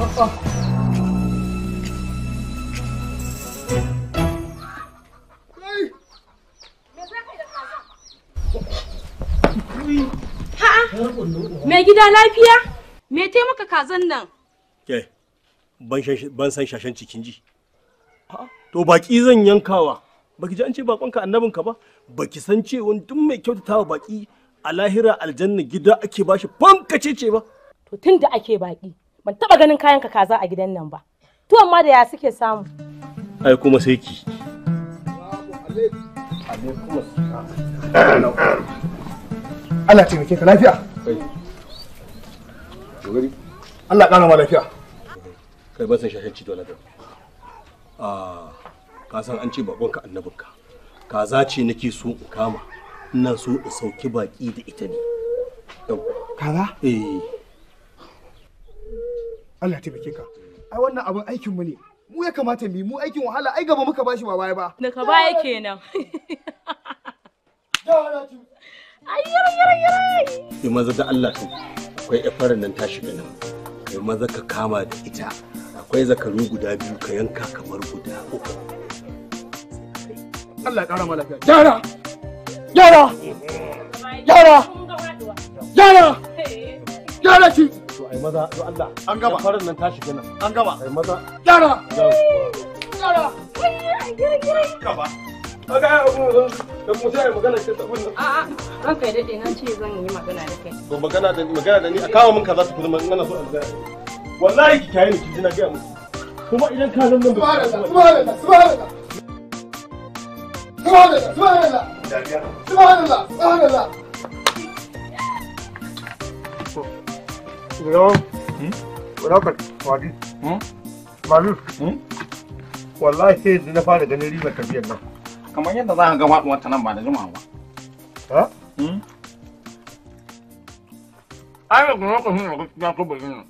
Me gida lafiya? Me te maka kazan nan? Ke, ban san shashen cikin ji. To baki zan yankawa. Baki ji an ce bakonka annabinka ba? Baki san cewa duk mai kyautatawa baki a lahira aljanna gida ake bashi fankacece ba. To tun da ake baki, ban taba ganin kayan ka kaza a gidan nan ba tuwon ma da ya suke samu ai kuma sai ki Allah taimake ka lafiya Allah ƙara ma lafiya kai ba san ah, shashanci dole da a ka san an ce bakonka annabinka kaza ce nake so in kama ina so in sauki baki da ita ne kaza eh Allah taimake ka ai wannan abin aikin mu ne mu ya kamata mu mu aikin wahala ai gaba muka bashi ba baya ba ka baya kenan ai yara yara yara yi maza da Allah to akwai ifarin nan ta shiga nan kai maza ka kama da ita akwai zakaru guda biyu ka yanka kamar guda uku Allah ƙara ma lafiya yara yara yara yara yara ki ai maza Allah an gaba farin nan ta shiga nan an gaba ai maza yara yara gaba kaga da mu sai magana ce ta wannan a a ran kai dade na ce zan yi magana da kai to magana da magana da ni a kawo min kaza tukuna in ana so wallahi ki kayi ni kuma idan ka zan nan subhanallah subhanallah subhanallah subhanallah subhanallah subhanallah ولو ولو ka wadi malu wallahi na kamar yadda za ka ga faɗuwar ta nan ba da jimawa ba ai kuma lokacin da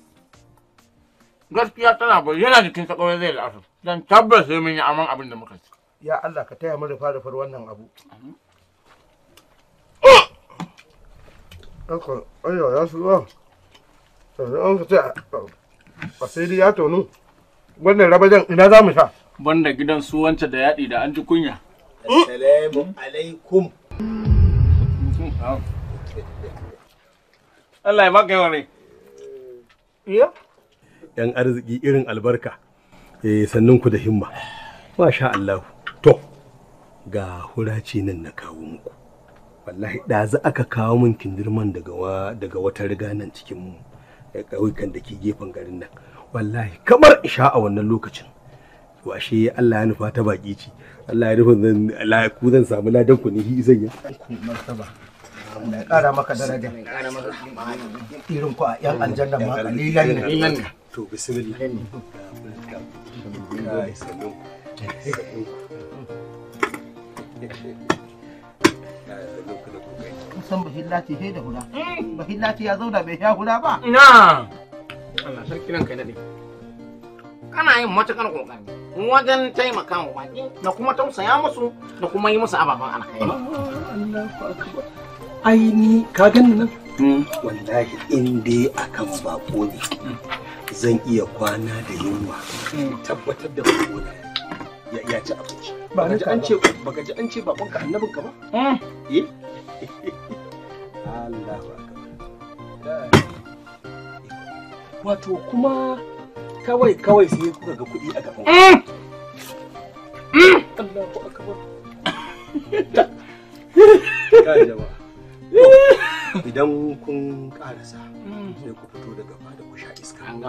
gaskiya ta bayyana gaskiya tana bayyana jikin sa kawai zai la'asar don tabbas sai mun yi aman abin da muka ci ya Allah ka taya mu da farfar wannan abu Ɗaukar, ayyawa ya su ba. sannan ka ce a sai dai ya tonu wannan rabajan ina za mu sha banda gidan su wance da yaɗi da an ji kunya assalamu alaikum Allah ya baka yawa iya yan arziki irin albarka eh sannan ku da himma masha Allah to ga hurace nan na kawo muku wallahi ɗazu aka kawo min kindirman daga wata riga nan cikin mu Eh, ƙauyukan da ke gefen garin nan wallahi kamar isha a wannan lokacin washe Allah ya nufa ta baki ci Allah ya nufa zan ku zan samu ladan ku ne zan yi martaba Allah ya kara maka daraja irin ku a yan aljanna ma kalilan ne to bismillah Thank you. san bahin lati sai da hula mm. lati ya zauna bai sha hula ba Ina! Allah sarki nan ranka dade kana yin matukar kokari wajen taimaka wa baki da kuma tausaya musu da kuma yi musu ababen alkhairi ai ni ka gani nan mm. wallahi in dai akan bako ne zan iya kwana da yunwa mm. tabbatar da bako ya ci abinci ba ka ji an ce bakon ka annabin ka ba eh wato kuma kawai kawai sai kuka ga kuɗi a gaban eh! Eh! idan kun karasa hmm. sai ku fito daga ku sha iska eh.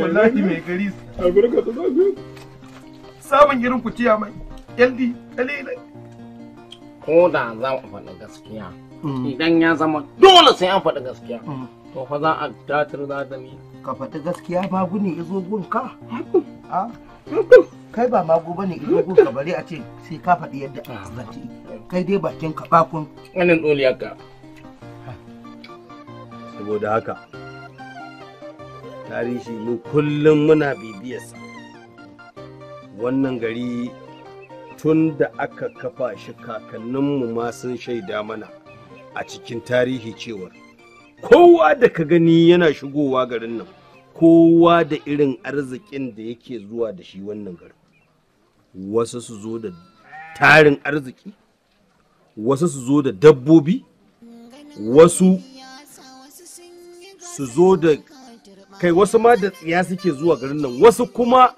wallahi mai gari a ta zafi samun irin ku tiya mai yaldi dalila ko da za mu faɗi gaskiya hmm. idan ya zama dole sai an faɗi gaskiya hmm. to fa za a tatar za ta mi ka faɗi gaskiya babu ne izo gun ka ah. kai ba mago bane izo gun ka bare a ce sai ka faɗi yadda ah. zati kai dai bakin ka bakun anan dole ka saboda haka tarihi mu kullum muna bibiyarsa wannan gari tun da aka kafa shi kakanninmu ma sun shaida mana a cikin tarihi cewa kowa da ka gani yana shigowa garin nan kowa da irin arzikin da yake zuwa da shi wannan garin wasu su zo da tarin arziki wasu su zo da dabbobi wasu su zo da kai wasu ma da tsiya suke zuwa garin nan wasu kuma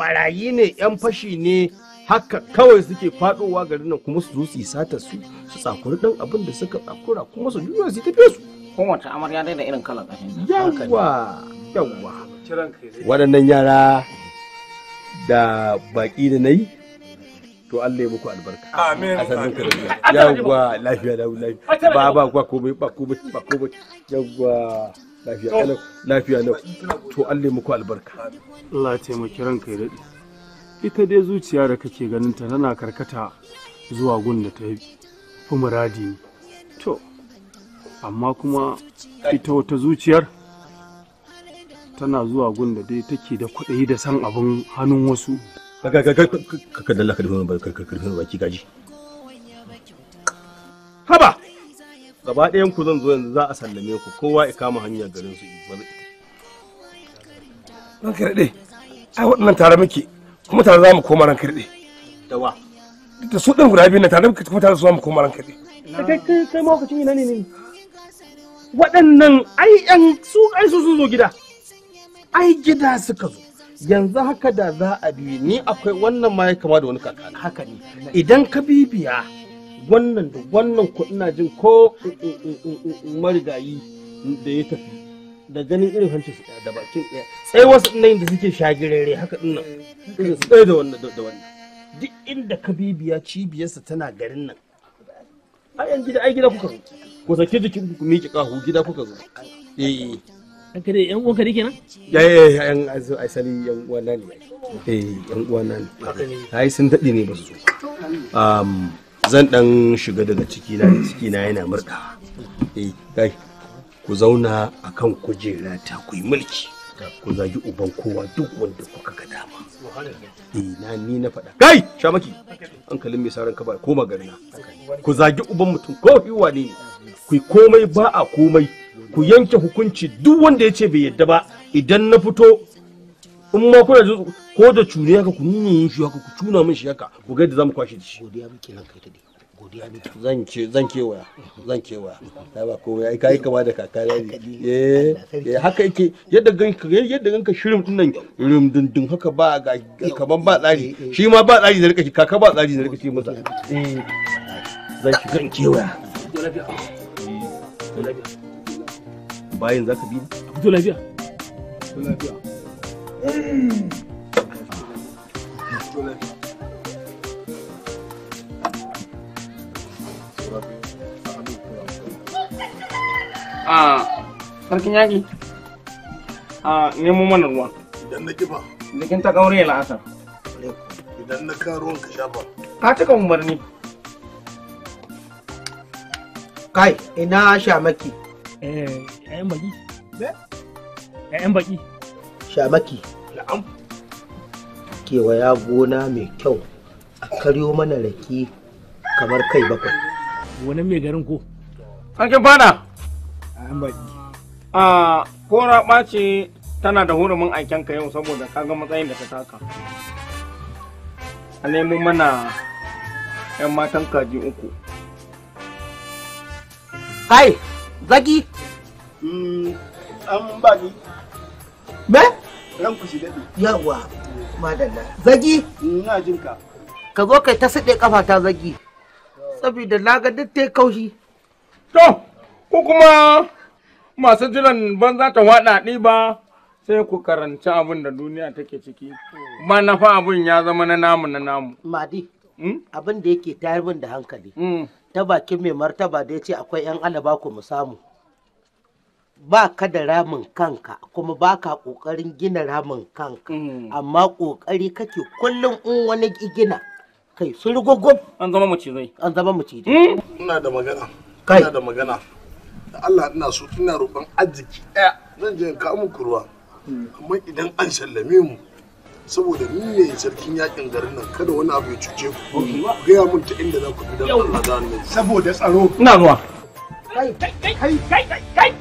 barayi ne yan fashi ne haka kawai suke fadowa garin nan kuma su zo su sata su su tsakuri dan abin da suka tsakura kuma su juya su tafi su kowace amarya dai da irin kalar kashin yawa yawa waɗannan yara da baki da nayi to Allah ya muku albarka amin a sanin ka yawa lafiya lafiya ba ba kuwa komai ba komai ba komai yawa lafiya lafiya to Allah muku albarka Allah ya taimaki ranka ya ita dai zuciya da kake ganin ta tana karkata zuwa gun da ta fi muradi to amma kuma ita wata zuciyar tana zuwa gun da dai take da kuɗi da san abin hannun wasu ka ka ka ka ka ka ka ka ka ka ka ka gaba ɗayan ku zan zo yanzu za a sallame ku kowa ya kama hanyar garin su ba ran kirɗe ai waɗannan tare muke kuma tare za mu koma ran kirɗe da wa da su ɗin guda biyu na tare muke kuma tare za mu koma ran kirɗe kai kai kai ina ne ne waɗannan ai ɗan su ai su sun zo gida ai gida suka zo yanzu haka da za a bi ni akwai wannan ma ya kama da wani kakana haka ne idan ka bibiya wannan da wannan ko jin ko marigayi da ya tafi da ganin irin hancin su da bakin ɗaya sai wasu ɗin da suke shagirere haka ɗin nan irin su da wannan da wannan duk inda ka bibiya cibiyarsa tana garin nan a yan gida ai gida kuka zo ku sake jikin ku miƙe kahu gida kuka zo eh haka dai yan uwanka dake nan ya ya ya yan sali yan uwana ne eh yan uwana ne ai sun daɗe ne ba su zo um, zan dan shiga daga ciki na ciki na yana murda eh kai ku zauna akan kujera ta ku yi mulki ku zagi uban kowa duk wanda kuka ga dama eh na ni na faɗa kai shamaki hankalin mai saran ka ba koma ku zagi uban mutum ko fi ne ku komai ba a komai ku yanke hukunci duk wanda ya ce bai yadda ba idan na fito in ma kuna ko da cune haka ku nuna mun shi haka ku tuna mun shi haka ku ga yadda zamu kwashe shi zan kewaya zan kewaya ai ba ai kai kama da eh, eh, haka yake yadda yadda ganka shirin din nan rim haka ba ga kaman da eh, rika shi kaka masa eh zan bayan zaka bi to lafiya lafiya a ah, sarkin yaƙi a ah, nemo mana ruwa. idan na kifa jikin ta kaure la'asar idan na kan ruwan ka shafa ka cika umarni kai ina shamaki eh ƴaƴan baki ƴaƴan baki shamaki na'am kewaya gona mai kyau a karyo mana rake kamar kai bakwai wani mai garin ko sarkin fada an a kora ɓace tana da hurumin aiken ka yau saboda kaga matsayin da ta taka a nemo mana 'yan matan kaji uku kai zaki mm, an baɗi me ranku shi daɗe yawa madalla zagi mm, ina jin ka ka zo kai ta siɗe kafa ta zagi saboda na ga duk ta kaushi to ku kuma masu jiran ban za ta waɗa ɗiba sai ku karanci abin da duniya take ciki ma na fa abin ya zama na namu na namu madi mm? abin da yake tayar min da hankali mm. ta bakin mai martaba da ya ce akwai 'yan alaba ku mu samu ba ka da ramin kanka kuma ba ka ƙoƙarin gina ramin kanka mm. amma ƙoƙari kake kullum in wani gina kai sun rigoggo an zama zai an zama zai mm. ina da magana kai ina da magana da Allah ina so ina roƙon arziki ɗaya zan je ka mu kurwa amma idan an sallame mu saboda ni ne sarkin yakin garin nan kada wani abu ya cuce ku gaya mun ta inda za ku fi dan Allah da saboda tsaro ina zuwa kai kai kai kai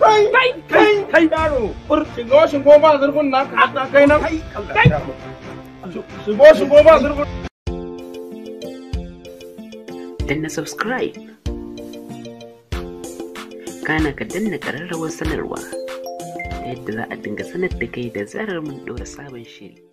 kai kai kai kai yaro shigo shigo ba zurfin na ka kai nan kai kai, shigo shigo ba zurfin danna subscribe kana ka danna kararrawar sanarwa ta yadda za a dinga sanar da kai da zarar mun ɗora sabon shiri